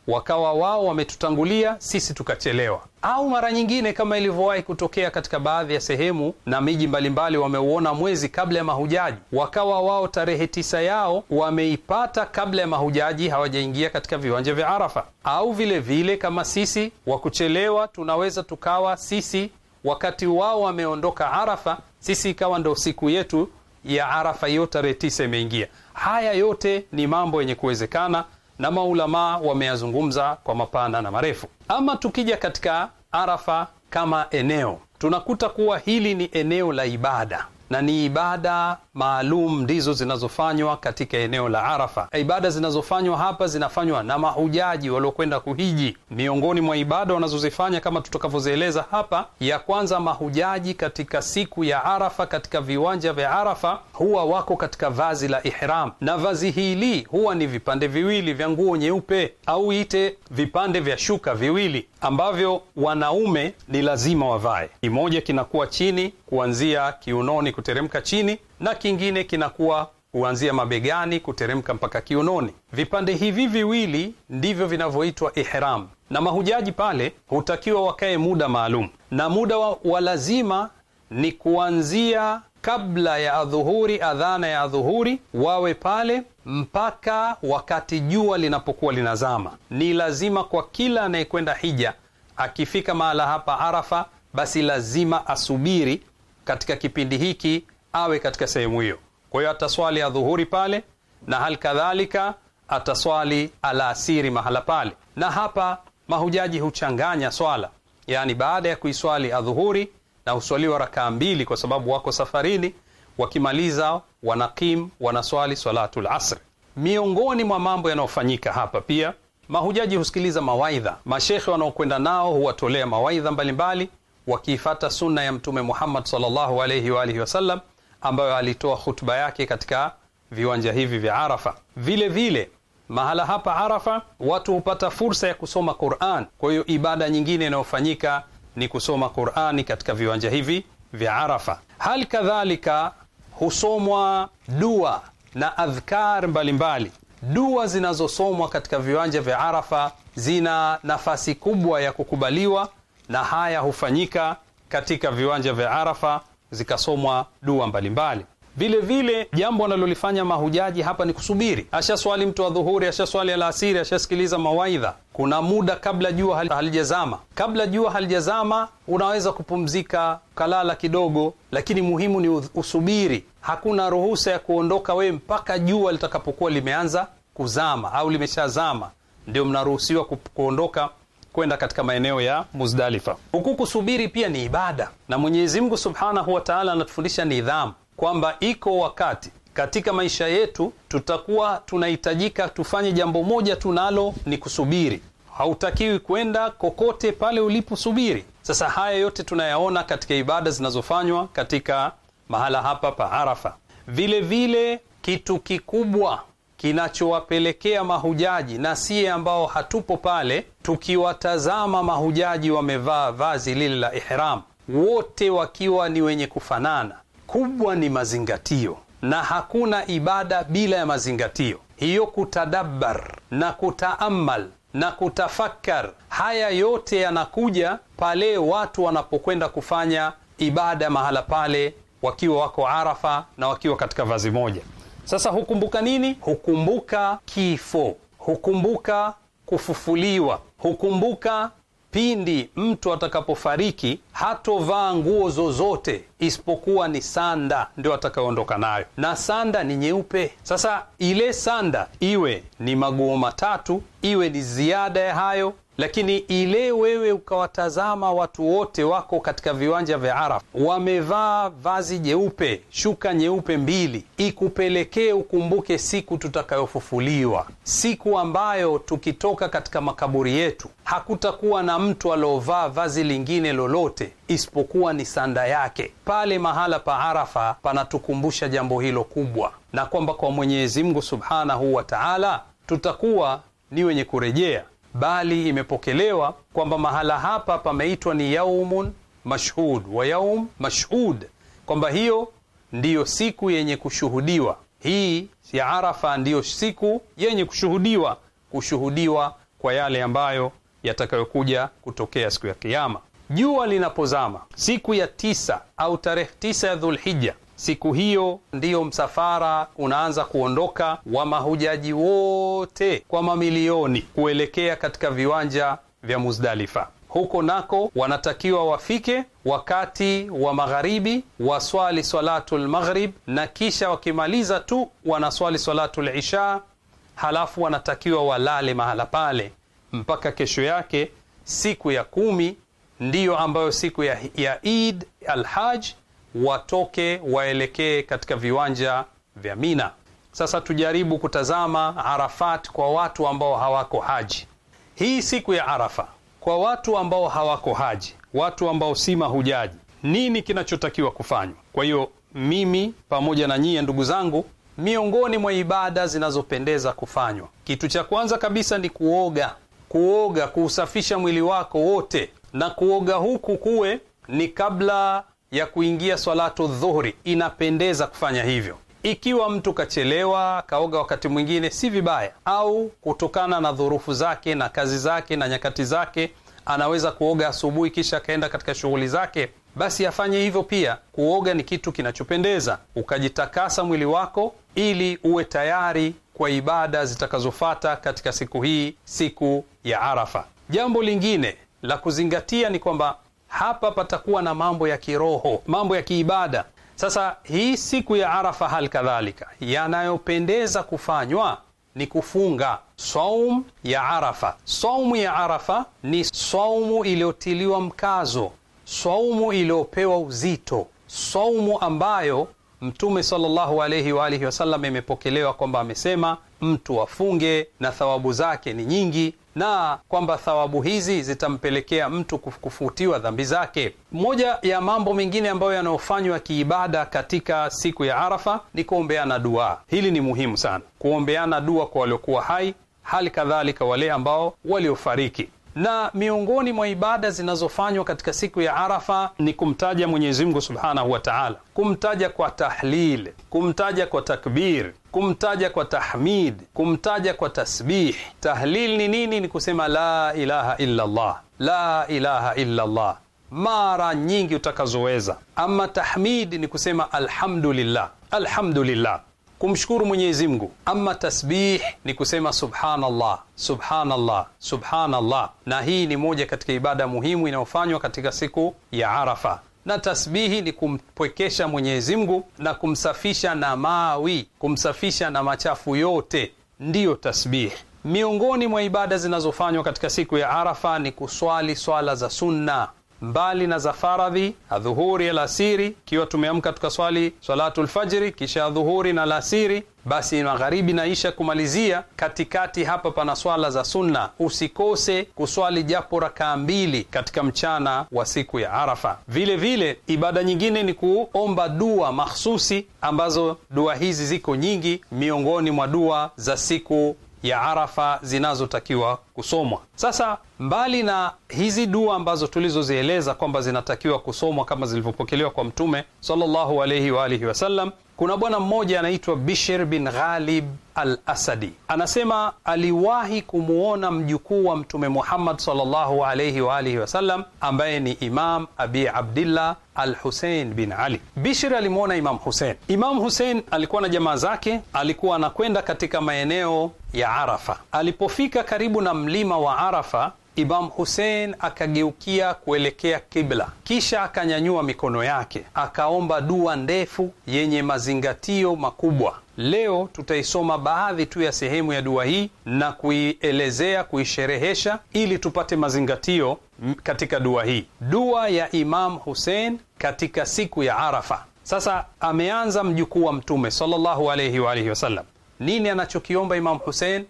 wakawa wao wametutangulia sisi tukachelewa, au mara nyingine kama ilivyowahi kutokea katika baadhi ya sehemu na miji mbalimbali, wameuona mwezi kabla ya mahujaji, wakawa wao tarehe tisa yao wameipata kabla ya mahujaji hawajaingia katika viwanja vya Arafa, au vilevile vile kama sisi wa kuchelewa tunaweza tukawa sisi wakati wao wameondoka Arafa, sisi ikawa ndo siku yetu ya Arafa, hiyo tarehe tisa imeingia. Haya yote ni mambo yenye kuwezekana na maulamaa wameyazungumza kwa mapana na marefu. Ama tukija katika Arafa kama eneo, tunakuta kuwa hili ni eneo la ibada na ni ibada maalum ndizo zinazofanywa katika eneo la Arafa. Ibada zinazofanywa hapa zinafanywa na mahujaji waliokwenda kuhiji. Miongoni mwa ibada wanazozifanya kama tutakavyozieleza hapa, ya kwanza, mahujaji katika siku ya Arafa katika viwanja vya Arafa huwa wako katika vazi la ihram, na vazi hili huwa ni vipande viwili vya nguo nyeupe au ite vipande vya shuka viwili ambavyo wanaume ni lazima wavae, kimoja kinakuwa chini kuanzia kiunoni kuteremka chini na kingine kinakuwa kuanzia mabegani kuteremka mpaka kiunoni. Vipande hivi viwili ndivyo vinavyoitwa ihram, na mahujaji pale hutakiwa wakae muda maalum, na muda wa, wa lazima ni kuanzia kabla ya adhuhuri, adhana ya adhuhuri, wawe pale mpaka wakati jua linapokuwa linazama. Ni lazima kwa kila anayekwenda hija, akifika mahala hapa Arafa, basi lazima asubiri katika kipindi hiki awe katika sehemu hiyo. Kwa hiyo ataswali adhuhuri pale na hal kadhalika ataswali alasiri mahala pale. Na hapa mahujaji huchanganya swala, yani baada ya kuiswali adhuhuri na huswaliwa rakaa mbili, kwa sababu wako safarini. Wakimaliza wanakim wanaswali swalatul asr. Miongoni mwa mambo yanayofanyika hapa pia, mahujaji husikiliza mawaidha. Mashekhe wanaokwenda nao huwatolea mawaidha mbalimbali mbali wakiifata sunna ya Mtume Muhammad sallallahu alayhi wa alihi wasallam ambayo alitoa hutuba yake katika viwanja hivi vya Arafa. Vile vile mahala hapa Arafa watu hupata fursa ya kusoma Qur'an. Kwa hiyo ibada nyingine inayofanyika ni kusoma Qur'ani katika viwanja hivi vya Arafa. Hali kadhalika husomwa dua na adhkar mbalimbali. Dua zinazosomwa katika viwanja vya Arafa zina nafasi kubwa ya kukubaliwa na haya hufanyika katika viwanja vya Arafa, zikasomwa dua mbalimbali. Vile vile jambo analolifanya mahujaji hapa ni kusubiri. Ashaswali mtu wa dhuhuri, ashaswali alasiri, ashasikiliza mawaidha. Kuna muda kabla jua halijazama, kabla jua halijazama unaweza kupumzika, kalala kidogo, lakini muhimu ni usubiri. Hakuna ruhusa ya kuondoka wewe mpaka jua litakapokuwa limeanza kuzama au limeshazama, ndio mnaruhusiwa kuondoka kwenda katika maeneo ya Muzdalifa. Huku kusubiri pia ni ibada, na Mwenyezi Mungu subhanahu wa taala anatufundisha nidhamu kwamba iko wakati katika maisha yetu tutakuwa tunahitajika tufanye jambo moja tu nalo ni kusubiri. Hautakiwi kwenda kokote pale uliposubiri. Sasa haya yote tunayaona katika ibada zinazofanywa katika mahala hapa pa Arafa. vilevile vile kitu kikubwa kinachowapelekea mahujaji na siye ambao hatupo pale, tukiwatazama mahujaji wamevaa vazi lile la ihram, wote wakiwa ni wenye kufanana. Kubwa ni mazingatio, na hakuna ibada bila ya mazingatio. Hiyo kutadabbar na kutaamal na kutafakar, haya yote yanakuja pale watu wanapokwenda kufanya ibada mahala pale, wakiwa wako Arafa na wakiwa katika vazi moja. Sasa hukumbuka nini? Hukumbuka kifo, hukumbuka kufufuliwa, hukumbuka pindi mtu atakapofariki hatovaa nguo zozote isipokuwa ni sanda, ndio atakayoondoka nayo, na sanda ni nyeupe. Sasa ile sanda iwe ni maguo matatu, iwe ni ziada ya hayo lakini ile wewe ukawatazama watu wote wako katika viwanja vya Arafa, wamevaa vazi jeupe, shuka nyeupe mbili, ikupelekee ukumbuke siku tutakayofufuliwa, siku ambayo tukitoka katika makaburi yetu hakutakuwa na mtu aliovaa vazi lingine lolote isipokuwa ni sanda yake. Pale mahala pa Arafa panatukumbusha jambo hilo kubwa, na kwamba kwa Mwenyezi Mungu subhanahu wa taala tutakuwa ni wenye kurejea bali imepokelewa kwamba mahala hapa pameitwa ni yaumun mashhud wa yaum mashhud, kwamba hiyo ndiyo siku yenye kushuhudiwa. Hii ya Arafa ndiyo siku yenye kushuhudiwa, kushuhudiwa kwa yale ambayo yatakayokuja kutokea siku ya kiama Jua linapozama siku ya tisa au tarehe tisa ya Dhulhija Siku hiyo ndiyo msafara unaanza kuondoka wa mahujaji wote kwa mamilioni kuelekea katika viwanja vya Muzdalifa. Huko nako wanatakiwa wafike wakati wa magharibi, waswali swalatu lmaghrib, na kisha wakimaliza tu wanaswali swalatu lisha, halafu wanatakiwa walale mahala pale mpaka kesho yake, siku ya kumi ndiyo ambayo siku ya, ya Eid al-Hajj watoke waelekee katika viwanja vya Mina. Sasa tujaribu kutazama Arafat kwa watu ambao hawako haji. Hii siku ya Arafa kwa watu ambao hawako haji, watu ambao si mahujaji, nini kinachotakiwa kufanywa? Kwa hiyo mimi pamoja na nyiye ndugu zangu, miongoni mwa ibada zinazopendeza kufanywa, kitu cha kwanza kabisa ni kuoga. Kuoga, kuusafisha mwili wako wote, na kuoga huku kuwe ni kabla ya kuingia swalatu dhuhuri, inapendeza kufanya hivyo. Ikiwa mtu kachelewa kaoga wakati mwingine si vibaya, au kutokana na dhurufu zake na kazi zake na nyakati zake anaweza kuoga asubuhi kisha akaenda katika shughuli zake, basi afanye hivyo pia. Kuoga ni kitu kinachopendeza, ukajitakasa mwili wako ili uwe tayari kwa ibada zitakazofata katika siku hii, siku ya Arafa. Jambo lingine la kuzingatia ni kwamba hapa patakuwa na mambo ya kiroho, mambo ya kiibada. Sasa hii siku ya Arafa hal kadhalika, yanayopendeza kufanywa ni kufunga saum ya Arafa. Saumu ya Arafa ni saumu iliyotiliwa mkazo, saumu iliyopewa uzito, saumu ambayo Mtume sallallahu alayhi wa alihi wasallam imepokelewa kwamba amesema mtu afunge na thawabu zake ni nyingi, na kwamba thawabu hizi zitampelekea mtu kufutiwa dhambi zake. Moja ya mambo mengine ambayo yanayofanywa kiibada katika siku ya Arafa ni kuombeana dua. Hili ni muhimu sana, kuombeana dua kwa waliokuwa hai, hali kadhalika wale ambao waliofariki na miongoni mwa ibada zinazofanywa katika siku ya Arafa ni kumtaja Mwenyezi Mungu subhanahu wa taala, kumtaja kwa tahlil, kumtaja kwa takbir, kumtaja kwa tahmid, kumtaja kwa tasbih. Tahlil ni nini? Ni kusema la ilaha illa Allah, la ilaha illa Allah mara nyingi utakazoweza. Ama tahmid ni kusema alhamdulillah, alhamdulillah, kumshukuru Mwenyezi Mungu. Ama tasbih ni kusema subhanallah, subhanallah, subhanallah. Na hii ni moja katika ibada muhimu inayofanywa katika siku ya Arafa na tasbihi ni kumpwekesha Mwenyezi Mungu na kumsafisha na mawi, kumsafisha na machafu yote, ndiyo tasbihi. Miongoni mwa ibada zinazofanywa katika siku ya Arafa ni kuswali swala za sunna mbali na za faradhi adhuhuri, alasiri. Ikiwa tumeamka tukaswali salatu lfajiri, kisha adhuhuri na alasiri, basi magharibi na isha kumalizia katikati. Hapa pana swala za sunna, usikose kuswali japo rakaa mbili katika mchana wa siku ya Arafa. Vile vile ibada nyingine ni kuomba dua mahsusi, ambazo dua hizi ziko nyingi, miongoni mwa dua za siku ya Arafa zinazotakiwa kusomwa. Sasa, mbali na hizi dua ambazo tulizozieleza kwamba zinatakiwa kusomwa kama zilivyopokelewa kwa Mtume sallallahu alayhi wa alihi wasallam kuna bwana mmoja anaitwa Bishr bin Ghalib al-Asadi, anasema aliwahi kumwona mjukuu wa Mtume Muhammad sallallahu alayhi wa alihi wasallam ambaye ni Imam Abi Abdillah al-Husein bin Ali. Bishr alimuona Imam Husein. Imam Husein alikuwa na jamaa zake, alikuwa anakwenda katika maeneo ya Arafa. Alipofika karibu na mlima wa Arafa, Imam Hussein akageukia kuelekea kibla, kisha akanyanyua mikono yake akaomba dua ndefu yenye mazingatio makubwa. Leo tutaisoma baadhi tu ya sehemu ya dua hii na kuielezea, kuisherehesha ili tupate mazingatio katika dua hii, dua ya Imam Hussein katika siku ya Arafa. Sasa ameanza mjukuu wa Mtume sallallahu alayhi wa alihi wasallam. Nini anachokiomba Imam Hussein?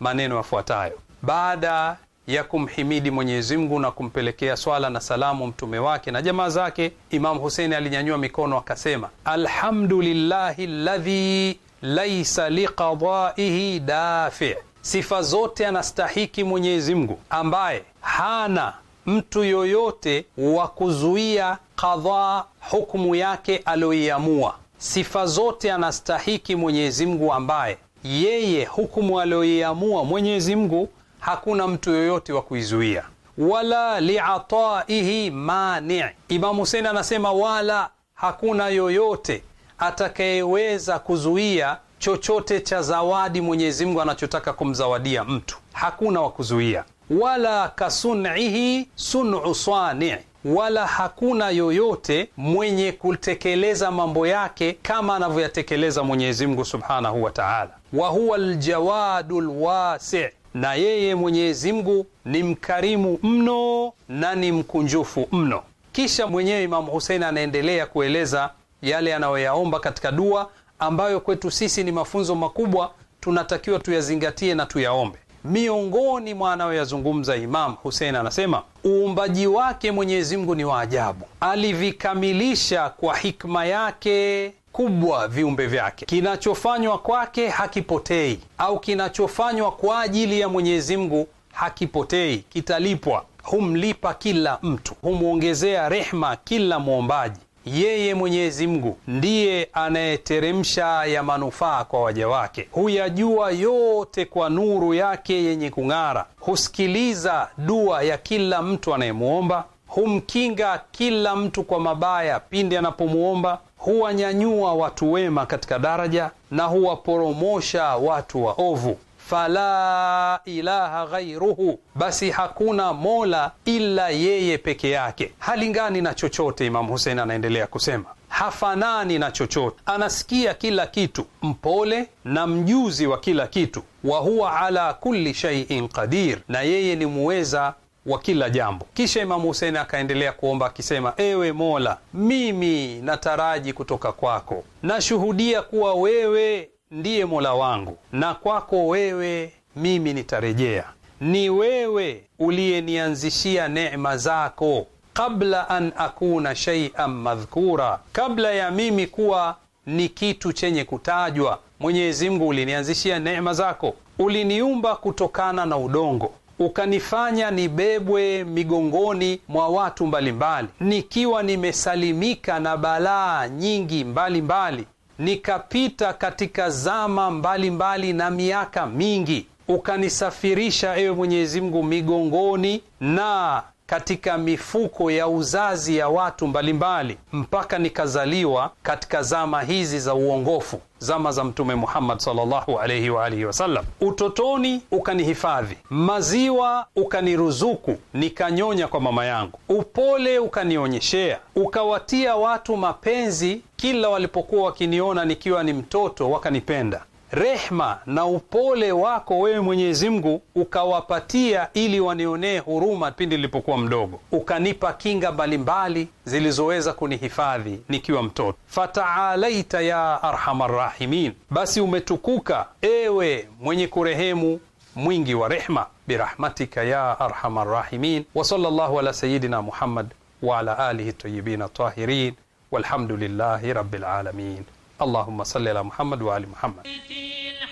Maneno yafuatayo baada ya kumhimidi Mwenyezi Mungu na kumpelekea swala na salamu mtume wake na jamaa zake. Imamu Huseini alinyanyua mikono akasema, alhamdulillahi ladhi laisa liqadaihi dafi, sifa zote anastahiki Mwenyezi Mungu ambaye hana mtu yoyote wa kuzuia qadhaa hukumu yake aliyoiamua. Sifa zote anastahiki Mwenyezi Mungu ambaye yeye hukumu aliyoiamua Mwenyezi Mungu hakuna mtu yoyote wa kuizuia wala liataihi mani. Imamu Husein anasema wala hakuna yoyote atakayeweza kuzuia chochote cha zawadi Mwenyezi Mungu anachotaka kumzawadia mtu, hakuna wa kuzuia. Wala kasunihi sunu sani, wala hakuna yoyote mwenye kutekeleza mambo yake kama anavyoyatekeleza Mwenyezi Mungu subhanahu wa taala. Wahuwa ljawadu lwasi na yeye Mwenyezi Mungu ni mkarimu mno na ni mkunjufu mno. Kisha mwenyewe Imamu Husein anaendelea kueleza yale anayoyaomba katika dua ambayo kwetu sisi ni mafunzo makubwa, tunatakiwa tuyazingatie na tuyaombe. Miongoni mwa anayoyazungumza Imamu Husein anasema uumbaji wake Mwenyezi Mungu ni wa ajabu, alivikamilisha kwa hikma yake kubwa viumbe vyake. Kinachofanywa kwake hakipotei, au kinachofanywa kwa ajili ya Mwenyezi Mungu hakipotei, kitalipwa. Humlipa kila mtu, humwongezea rehma kila mwombaji. Yeye Mwenyezi Mungu ndiye anayeteremsha ya manufaa kwa waja wake, huyajua yote kwa nuru yake yenye kung'ara, husikiliza dua ya kila mtu anayemwomba, humkinga kila mtu kwa mabaya pindi anapomwomba huwanyanyua watu wema katika daraja na huwaporomosha watu wa ovu Fala ilaha ghairuhu, basi hakuna mola ila yeye peke yake. Halingani na chochote. imamu Husein anaendelea kusema hafanani na chochote, anasikia kila kitu, mpole na mjuzi wa kila kitu. Wa huwa ala kulli shaiin qadir, na yeye ni muweza wa kila jambo. Kisha Imamu Huseini akaendelea kuomba akisema, ewe Mola, mimi nataraji kutoka kwako, nashuhudia kuwa wewe ndiye Mola wangu na kwako wewe mimi nitarejea. Ni wewe uliyenianzishia neema zako kabla an akuna shaian madhkura, kabla ya mimi kuwa ni kitu chenye kutajwa. Mwenyezi Mungu, ulinianzishia neema zako, uliniumba kutokana na udongo ukanifanya nibebwe migongoni mwa watu mbalimbali mbali, nikiwa nimesalimika na balaa nyingi mbalimbali mbali. Nikapita katika zama mbalimbali mbali na miaka mingi, ukanisafirisha ewe Mwenyezi Mungu migongoni na katika mifuko ya uzazi ya watu mbalimbali mpaka nikazaliwa katika zama hizi za uongofu, zama za Mtume Muhammad sallallahu alaihi wa alihi wasallam. Utotoni ukanihifadhi, maziwa ukaniruzuku, nikanyonya kwa mama yangu, upole ukanionyeshea, ukawatia watu mapenzi. Kila walipokuwa wakiniona nikiwa ni mtoto, wakanipenda rehma na upole wako wewe Mwenyezi Mungu ukawapatia ili wanionee huruma pindi nilipokuwa mdogo, ukanipa kinga mbalimbali zilizoweza kunihifadhi nikiwa mtoto. Fataalaita ya arhamar rahimin, basi umetukuka ewe mwenye kurehemu mwingi wa rehma, birahmatika ya arhamar rahimin. Wa sallallahu ala sayidina Muhammad wa ala alihi tayyibin tahirin walhamdulillahi rabbil alamin allahuma sali ala Muhammad wa ali الحرم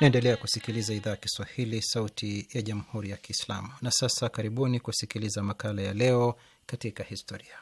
Naendelea kusikiliza idhaa ya Kiswahili, sauti ya jamhuri ya Kiislamu. Na sasa karibuni kusikiliza makala ya leo katika historia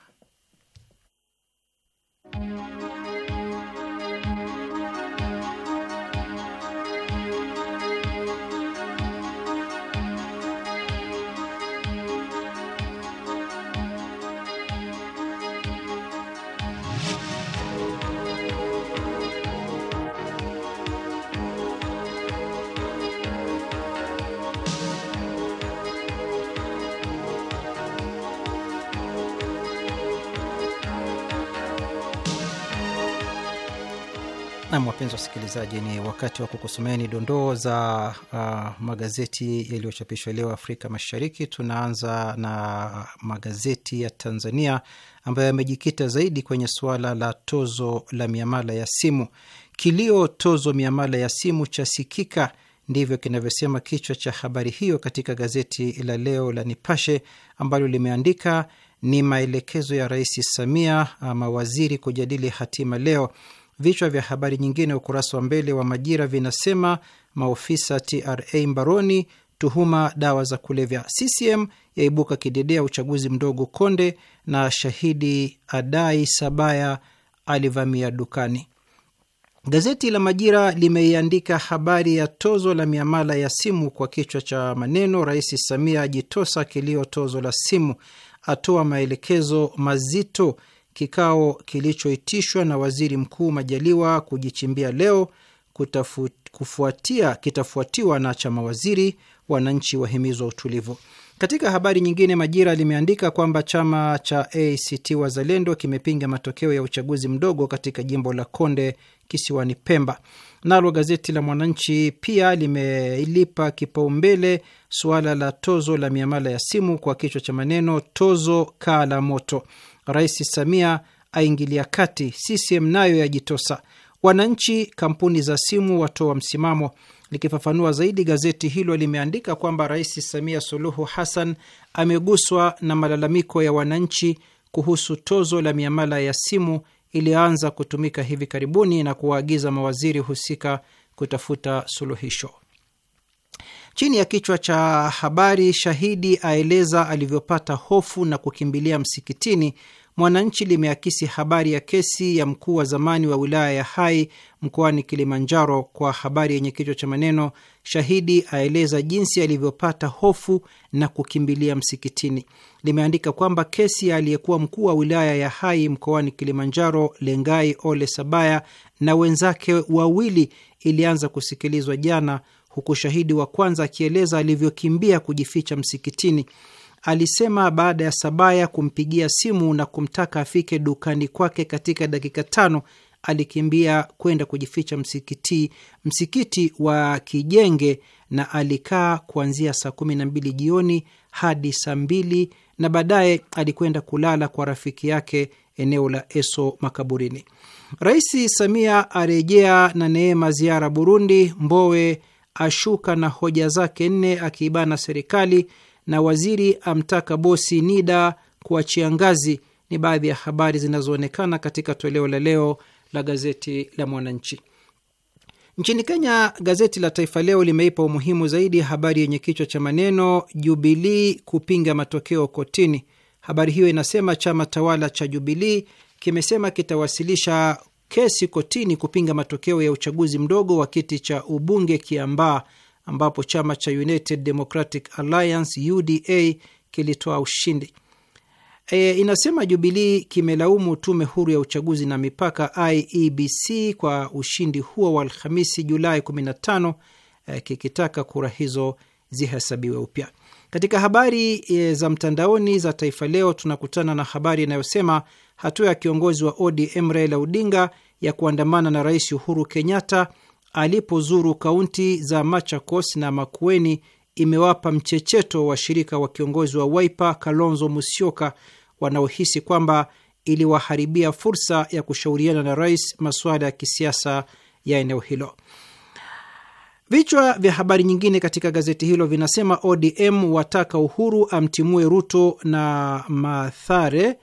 Nam, wapenzi wasikilizaji, ni wakati wa kukusomeni dondoo za uh, magazeti yaliyochapishwa leo Afrika Mashariki. Tunaanza na magazeti ya Tanzania ambayo yamejikita zaidi kwenye suala la tozo la miamala ya simu. Kilio tozo miamala ya simu cha sikika ndivyo kinavyosema kichwa cha habari hiyo katika gazeti la leo la Nipashe ambalo limeandika ni maelekezo ya Rais Samia mawaziri kujadili hatima leo Vichwa vya habari nyingine ukurasa wa mbele wa Majira vinasema maofisa TRA mbaroni, tuhuma dawa za kulevya, CCM yaibuka kidedea uchaguzi mdogo Konde, na shahidi adai Sabaya alivamia dukani. Gazeti la Majira limeiandika habari ya tozo la miamala ya simu kwa kichwa cha maneno, Rais Samia ajitosa kilio tozo la simu, atoa maelekezo mazito kikao kilichoitishwa na waziri mkuu Majaliwa kujichimbia leo kutafu, kufuatia kitafuatiwa na cha mawaziri. Wananchi wahimizwa utulivu. Katika habari nyingine, Majira limeandika kwamba chama cha ACT Wazalendo kimepinga matokeo ya uchaguzi mdogo katika jimbo la Konde kisiwani Pemba. Nalo gazeti la Mwananchi pia limelipa kipaumbele suala la tozo la miamala ya simu kwa kichwa cha maneno tozo kaa la moto. Rais Samia aingilia kati, CCM nayo yajitosa, wananchi, kampuni za simu watoa wa msimamo. Likifafanua zaidi, gazeti hilo limeandika kwamba Rais Samia Suluhu Hassan ameguswa na malalamiko ya wananchi kuhusu tozo la miamala ya simu iliyoanza kutumika hivi karibuni na kuwaagiza mawaziri husika kutafuta suluhisho chini ya kichwa cha habari shahidi aeleza alivyopata hofu na kukimbilia msikitini. Mwananchi limeakisi habari ya kesi ya mkuu wa zamani wa wilaya ya Hai mkoani Kilimanjaro kwa habari yenye kichwa cha maneno shahidi aeleza jinsi alivyopata hofu na kukimbilia msikitini. Limeandika kwamba kesi ya aliyekuwa mkuu wa wilaya ya Hai mkoani Kilimanjaro, Lengai Ole Sabaya na wenzake wawili ilianza kusikilizwa jana huku shahidi wa kwanza akieleza alivyokimbia kujificha msikitini. Alisema baada ya Sabaya kumpigia simu na kumtaka afike dukani kwake katika dakika tano, alikimbia kwenda kujificha msikiti, msikiti wa Kijenge, na alikaa kuanzia saa kumi na mbili jioni hadi saa mbili na baadaye alikwenda kulala kwa rafiki yake eneo la Eso makaburini. Rais Samia arejea na Neema ziara Burundi, Mbowe ashuka na hoja zake nne akiibana serikali na waziri amtaka bosi NIDA kuachia ngazi, ni baadhi ya habari zinazoonekana katika toleo la leo la gazeti la Mwananchi. Nchini Kenya, gazeti la Taifa Leo limeipa umuhimu zaidi habari yenye kichwa cha maneno Jubilii kupinga matokeo kotini. Habari hiyo inasema chama tawala cha Jubilii kimesema kitawasilisha kesi kotini kupinga matokeo ya uchaguzi mdogo wa kiti cha ubunge Kiambaa, ambapo chama cha United Democratic Alliance UDA kilitoa ushindi. E, inasema Jubilii kimelaumu tume huru ya uchaguzi na mipaka IEBC kwa ushindi huo wa Alhamisi Julai 15 e, kikitaka kura hizo zihesabiwe upya. Katika habari e, za mtandaoni za Taifa Leo tunakutana na habari inayosema hatua ya kiongozi wa ODM Raila Odinga ya kuandamana na Rais Uhuru Kenyatta alipozuru kaunti za Machakos na Makueni imewapa mchecheto washirika wa kiongozi wa waipa Kalonzo Musyoka wanaohisi kwamba iliwaharibia fursa ya kushauriana na rais masuala ya kisiasa ya eneo hilo. Vichwa vya habari nyingine katika gazeti hilo vinasema: ODM wataka Uhuru amtimue Ruto na Mathare,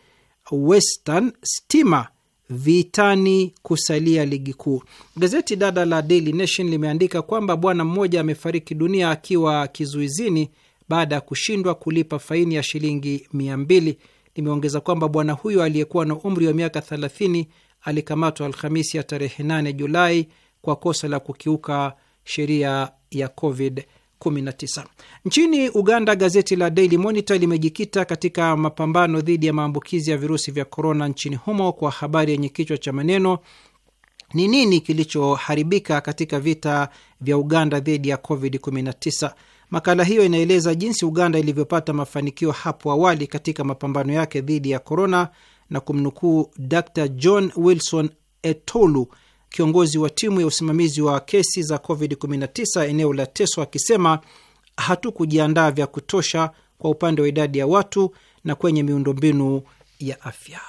Western Stima vitani kusalia ligi kuu. Gazeti dada la Daily Nation limeandika kwamba bwana mmoja amefariki dunia akiwa kizuizini baada ya kushindwa kulipa faini ya shilingi mia mbili. Limeongeza kwamba bwana huyo aliyekuwa na umri wa miaka thelathini alikamatwa Alhamisi ya tarehe 8 Julai kwa kosa la kukiuka sheria ya COVID 19. Nchini Uganda, gazeti la Daily Monitor limejikita katika mapambano dhidi ya maambukizi ya virusi vya korona nchini humo kwa habari yenye kichwa cha maneno ni nini kilichoharibika katika vita vya Uganda dhidi ya COVID-19. Makala hiyo inaeleza jinsi Uganda ilivyopata mafanikio hapo awali katika mapambano yake dhidi ya korona na kumnukuu Dr John Wilson Etolu kiongozi wa timu ya usimamizi wa kesi za COVID-19 eneo la Teso akisema hatukujiandaa vya kutosha kwa upande wa idadi ya watu na kwenye miundombinu ya afya.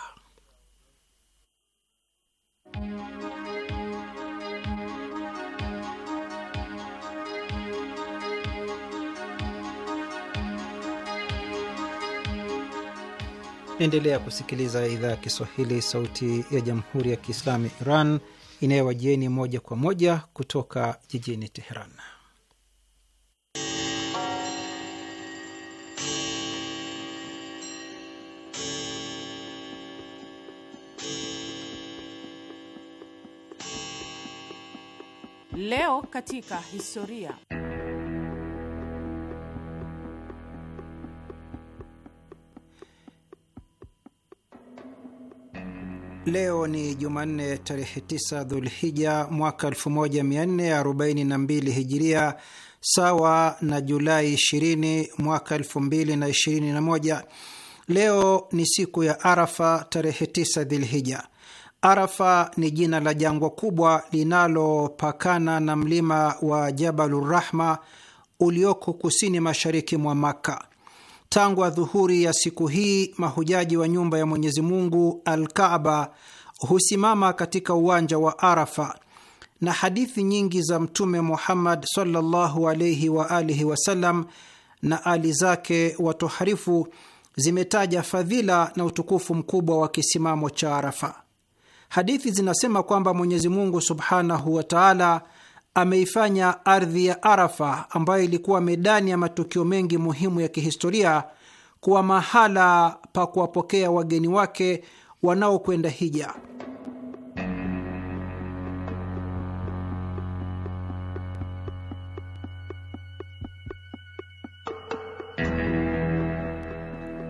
Endelea kusikiliza idhaa ya Kiswahili, sauti ya jamhuri ya kiislamu Iran inayowajieni moja kwa moja kutoka jijini Teheran. Leo katika historia Leo ni Jumanne tarehe 9 Dhulhija mwaka 1442 Hijiria, sawa na Julai 20 mwaka 2021. Leo ni siku ya Arafa, tarehe 9 Dhilhija. Arafa ni jina la jangwa kubwa linalopakana na mlima wa Jabalurrahma ulioko kusini mashariki mwa Makka. Tangu adhuhuri ya siku hii mahujaji wa nyumba ya Mwenyezi Mungu Al-Kaaba husimama katika uwanja wa Arafa, na hadithi nyingi za Mtume Muhammad sallallahu alayhi wa alihi wasallam na ali zake watoharifu zimetaja fadhila na utukufu mkubwa wa kisimamo cha Arafa. Hadithi zinasema kwamba Mwenyezi Mungu subhanahu wa taala ameifanya ardhi ya Arafa ambayo ilikuwa medani ya matukio mengi muhimu ya kihistoria kuwa mahala pa kuwapokea wageni wake wanaokwenda hija.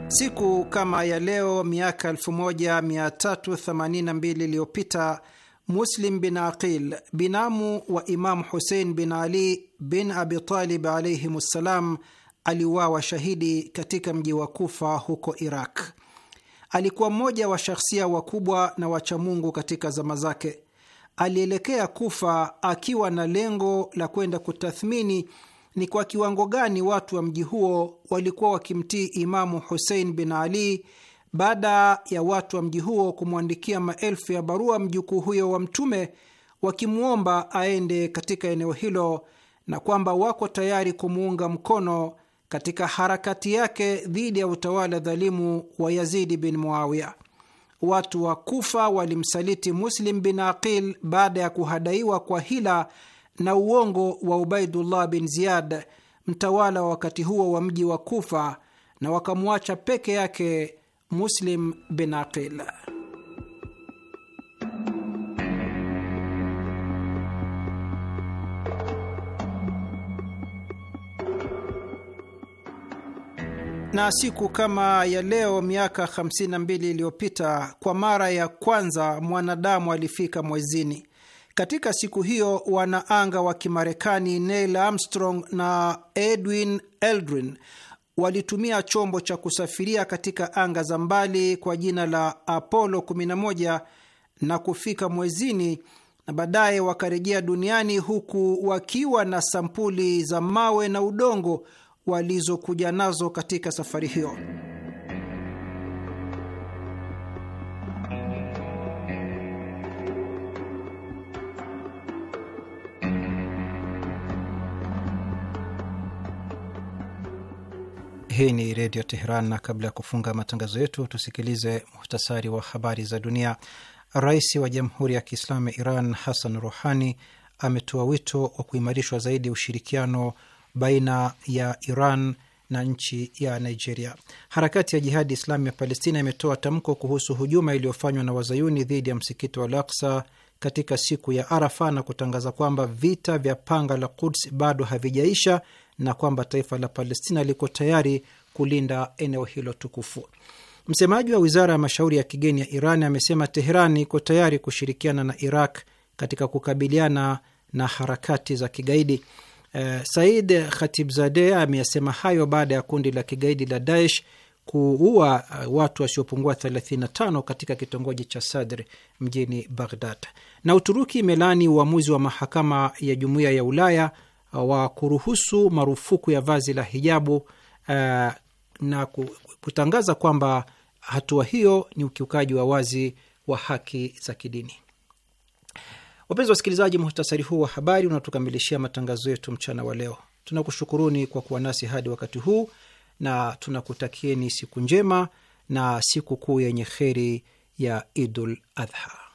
Siku kama ya leo miaka 1382 iliyopita Muslim bin Aqil, binamu wa Imamu Husein bin Ali bin abitalib alaihim ssalam, aliuawa shahidi katika mji wa Kufa huko Iraq. Alikuwa mmoja wa shakhsia wakubwa na wachamungu katika zama zake. Alielekea Kufa akiwa na lengo la kwenda kutathmini ni kwa kiwango gani watu wa mji huo walikuwa wakimtii Imamu Husein bin Ali baada ya watu wa mji huo kumwandikia maelfu ya barua mjukuu huyo wa Mtume wakimwomba aende katika eneo hilo na kwamba wako tayari kumuunga mkono katika harakati yake dhidi ya utawala dhalimu wa Yazidi bin Muawiya. Watu wa Kufa walimsaliti Muslim bin Aqil baada ya kuhadaiwa kwa hila na uongo wa Ubaidullah bin Ziyad, mtawala wa wakati huo wa mji wa Kufa, na wakamwacha peke yake Muslim bin Aqil. na siku kama ya leo miaka 52 iliyopita kwa mara ya kwanza mwanadamu alifika mwezini. Katika siku hiyo wanaanga wa Kimarekani Neil Armstrong na Edwin eldrin walitumia chombo cha kusafiria katika anga za mbali kwa jina la Apollo 11 na kufika mwezini na baadaye wakarejea duniani huku wakiwa na sampuli za mawe na udongo walizokuja nazo katika safari hiyo. Hii ni Redio Teheran, na kabla ya kufunga matangazo yetu tusikilize muhtasari wa habari za dunia. Rais wa Jamhuri ya Kiislamu ya Iran Hassan Rouhani ametoa wito wa kuimarishwa zaidi ushirikiano baina ya Iran na nchi ya Nigeria. Harakati ya Jihadi Islami ya Palestina imetoa tamko kuhusu hujuma iliyofanywa na wazayuni dhidi ya msikiti wa Al-Aqsa katika siku ya Arafa na kutangaza kwamba vita vya panga la Quds bado havijaisha na kwamba taifa la Palestina liko tayari kulinda eneo hilo tukufu. Msemaji wa wizara ya mashauri ya kigeni ya Iran amesema Teheran iko tayari kushirikiana na Iraq katika kukabiliana na harakati za kigaidi. Eh, Said khatibzade ameyasema hayo baada ya kundi la kigaidi la Daesh kuua eh, watu wasiopungua 35 katika kitongoji cha Sadr mjini Baghdad. Na Uturuki imelaani uamuzi wa mahakama ya jumuiya ya Ulaya wa kuruhusu marufuku ya vazi la hijabu uh, na kutangaza kwamba hatua hiyo ni ukiukaji wa wazi wa haki za kidini. Wapenzi wasikilizaji, muhtasari huu wa habari unatukamilishia matangazo yetu mchana wa leo. Tunakushukuruni kwa kuwa nasi hadi wakati huu na tunakutakieni siku njema na siku kuu yenye kheri ya Idul Adha.